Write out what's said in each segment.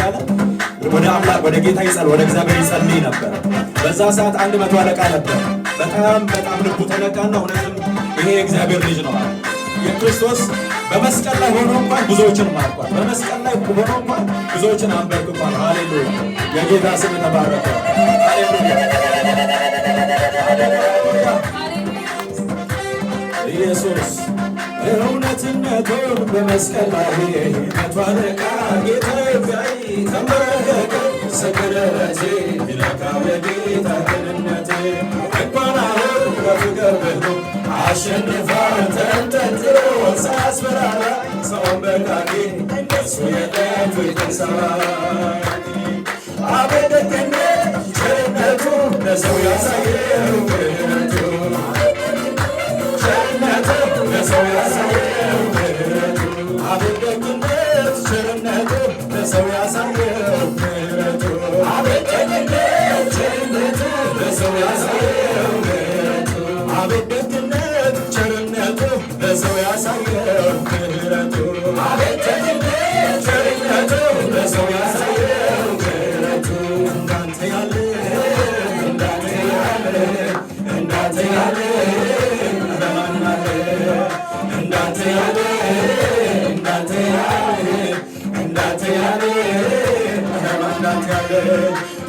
እያለ ወደ አምላክ ወደ ጌታ ይጸልይ ወደ እግዚአብሔር ይጸልይ ነበር። በዛ ሰዓት አንድ መቶ አለቃ ነበር። በጣም በጣም ልቡ ተነካና እውነትም ይሄ የእግዚአብሔር ልጅ ነው አለ። የክርስቶስ በመስቀል ላይ ሆኖ እንኳን ብዙዎችን ማርኳል። በመስቀል ላይ ሆኖ እንኳን ብዙዎችን አንበርክኳል። ሃሌሉያ! የጌታ ስም ተባረከ። ሃሌሉያ! ኢየሱስ እውነትነቱን በመስቀል ላይ ተባረከ ጌታ ዛይ ተንበረከ ሰገደለቴ ለካለ ጌታ ቅንነቴ እጓናሁ በፍቅር ብሎ አሸንፋ ተንጠልጥሎ ሳያስፈራራ ሰውን በቃጌ እነሱ የጠፍ ተንሰራ አቤት ደግነት ሰው ያሳየው ምሕረቱ አቤት ደግነት ቸርነቱ ለሰው ያሳየው ምሕረቱ አቤት ደግነት ቸርነቱ ለሰው ያሳየው እንዳንተ ያለ እንዳንተ ያለ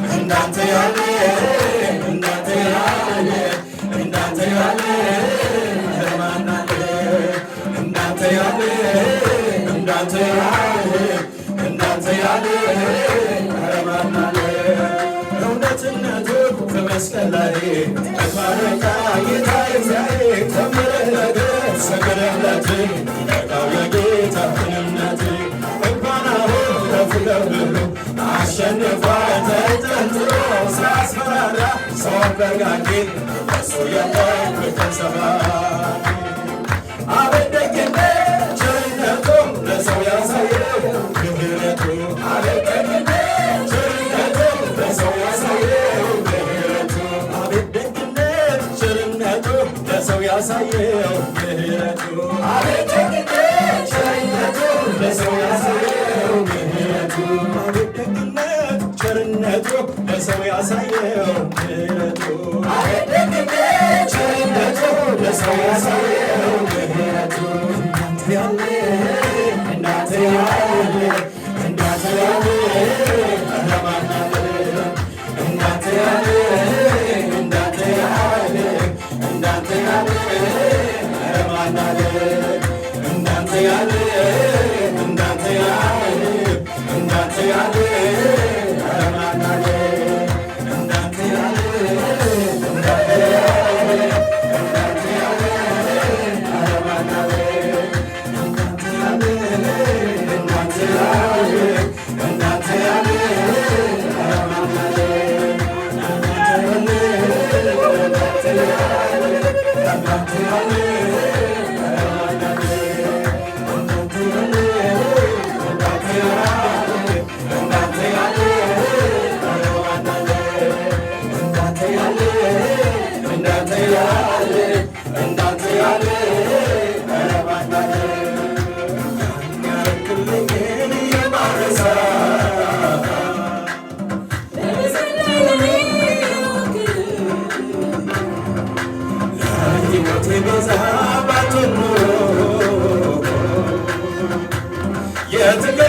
እንዳንተ ያለ እንዳንተ ያለ እንዳንተ ያለ ረማናለ እውነትነቱ ከመስቀል ላይ ተፋረቃ ጌታ እግዚአብሔር ተምረህ ነገር ሰገደለት የጌታ እምነት እንኳን አሁን አሸንፏ ተጠንጥሮ ሳስፈራራ ሰው አበጋጌ እሱ የለም ተሰባ አቤ ሰው ያሳየው ምሕረቱ ለሰው ያሳየው ምሕረቱ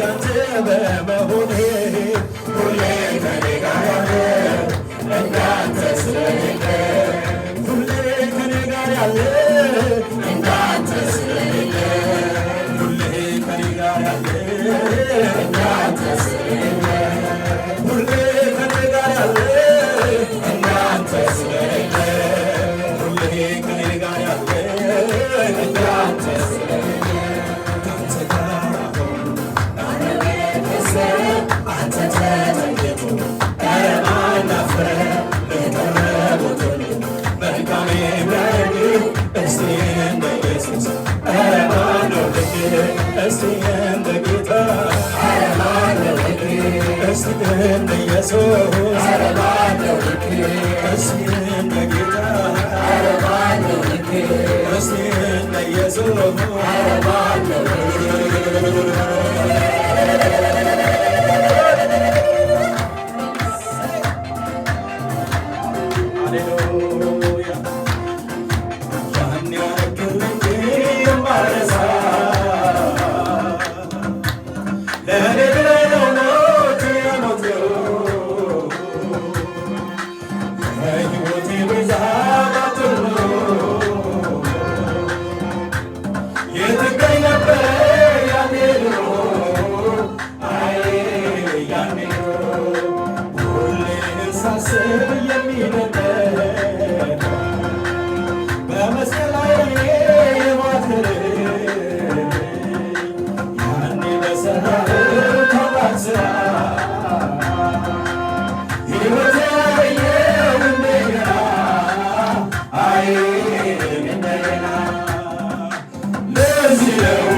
ያንተ በመሆኔ ኢየሱስ እስሜን ለጌታ እስሜን ለኢየሱስ ለዚህ ነው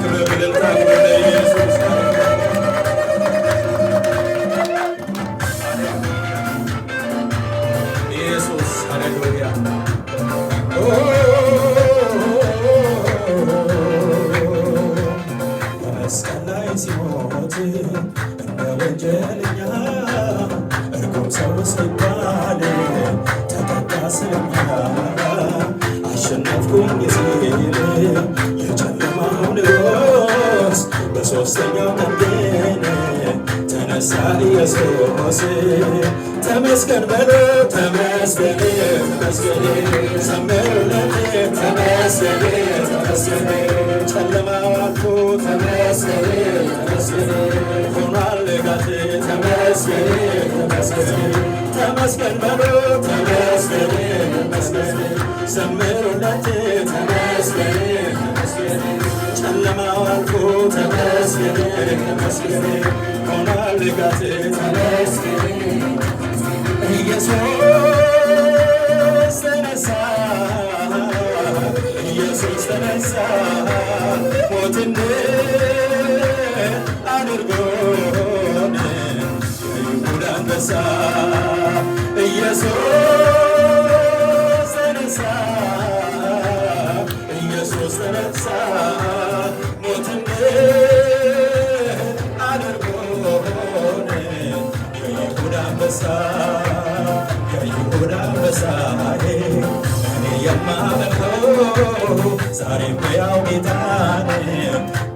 ክብር እልልታ ክብር ለኢየሱስ ኢየሱስ ሃሌሉያ በመስቀል ላይ ሲሞት እንደ ወንጀለኛ ሰው ሲባል ተቀጣ ስለሚያ አሸነፍኩኝ በሦስተኛው ቀን ተነሳ ኢየሱስ። ተመስገን በሉ ተመስገን ተመስገን ዘምሩለት ተመስገን ተመስገን ጨለማ ተመስገን ተመስገን ሆኗል ጋት ተመስገን ተመስገን ተመስገን በሉ ተመስገን ተመስገን ዘምሩለት ተመስገን ተመስገን በጨለማው አልፎ ተመስገን ተመስገን ሆኗል ልጋት ተመስገን ኢየሱስ ተነሳ ኢየሱስ በሳሌ እኔ የማመልከው ዛሬ በያው ጌታን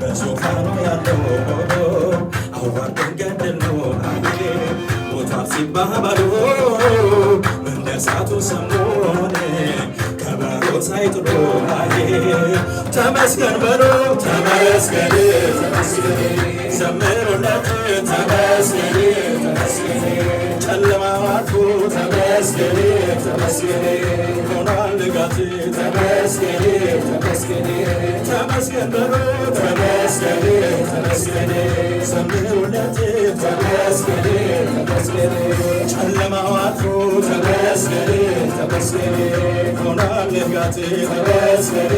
በዙፋኑ ያለው አዋርደን ገደሉ ቦታው ሲባባሉ እንደሳቱ ሰሞን ከበሮ ሳይጥሉ ተመስገን በሉ ተመስገን ዘምሩለት ተመስገን ጨለማ ተመስገን ተመስገን ሆኗል ንጋት ተመስገን ተመስገን ተመስገን ተመስገን ተመስገን ሰምውለት ተመስገን ተመስገን ጨለማው ተመስገን ተመስገን ሆኗል ንጋት ተመስገን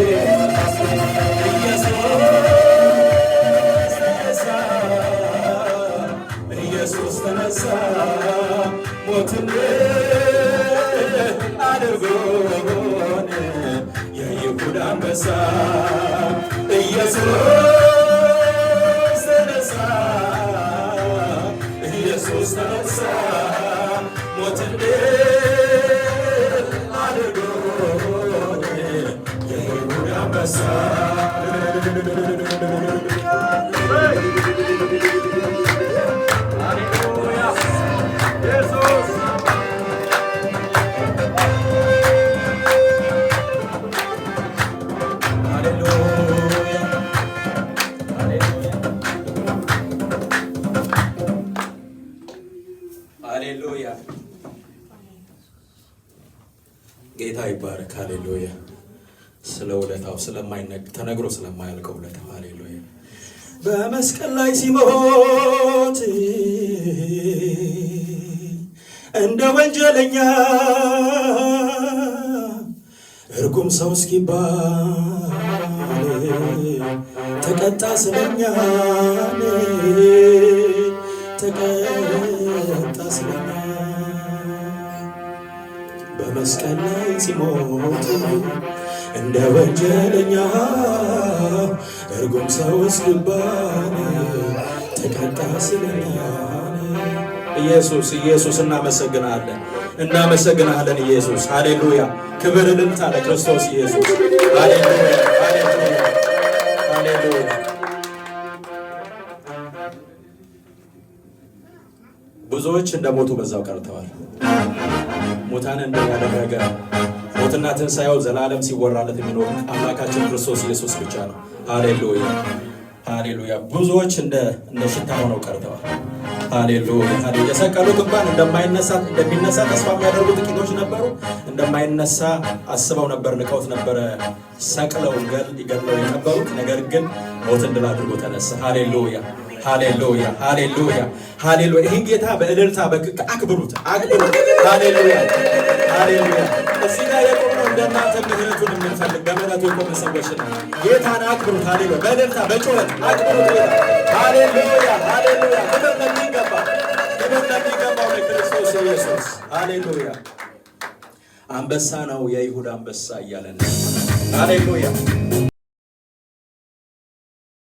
ኢየሱስ ተነሳ ሞትን ተነሳ፣ ኢየሱስ ተነሳ፣ ኢየሱስ ተነሳ፣ ሞትን ድል አድርጎ የሕይወት አንበሳ ውለታው ስለማይነግ ተነግሮ ስለማያልቀው ውለታ በመስቀል ላይ ሲሞት እንደ ወንጀለኛ እርጉም ሰው እስኪባል ተቀጣ ስለኛ ተቀጣ ስለ መስቀል ላይ ሲሞት እንደ ወንጀለኛ እርጉም ሰው እስልባን ተቀጣ ስለኛ። ኢየሱስ ኢየሱስ እናመሰግናለን፣ እናመሰግናለን ኢየሱስ። ሃሌሉያ! ክብር ልምጣ ለክርስቶስ ኢየሱስ። ብዙዎች እንደ ሞቱ በዛው ቀርተዋል። ሙታን እንዳደረገ ሞትና ትንሣኤው ዘላለም ሲወራለት የሚኖር አምላካችን ክርስቶስ ኢየሱስ ብቻ ነው። ሃሌሉያ ሃሌሉያ። ብዙዎች እንደ ሽታ ሆነው ቀርተዋል። ሃሌሉያ። የሰቀሉት እንኳን እንደማይነሳ እንደሚነሳ ተስፋ የሚያደርጉ ጥቂቶች ነበሩ። እንደማይነሳ አስበው ነበር፣ ንቀውት ነበረ። ሰቅለው ገል ይገድለው የቀበሩት ነገር ግን ሞትን ድል አድርጎ ተነሳ። ሃሌሉያ ሃሌሉያ ሃሌሉያ ሃሌሉያ። ይህን ጌታ በእልልታ በክክ አክብሩት፣ አክብሩት። ሃሌሉያ ሃሌሉያ። እዚህ ጋር የቆምነው እንደናንተ ምህረቱን የምንፈልግ በምህረቱ የቆመ ሰዎች ነው። ጌታን አክብሩት። ሃሌሉያ በእልልታ በጩኸት አክብሩት ጌታ። ሃሌሉያ ሃሌሉያ። ክብር ለሚገባ ክብር ለሚገባው ለክርስቶስ ኢየሱስ ሃሌሉያ። አንበሳ ነው የይሁዳ አንበሳ እያለን ሃሌሉያ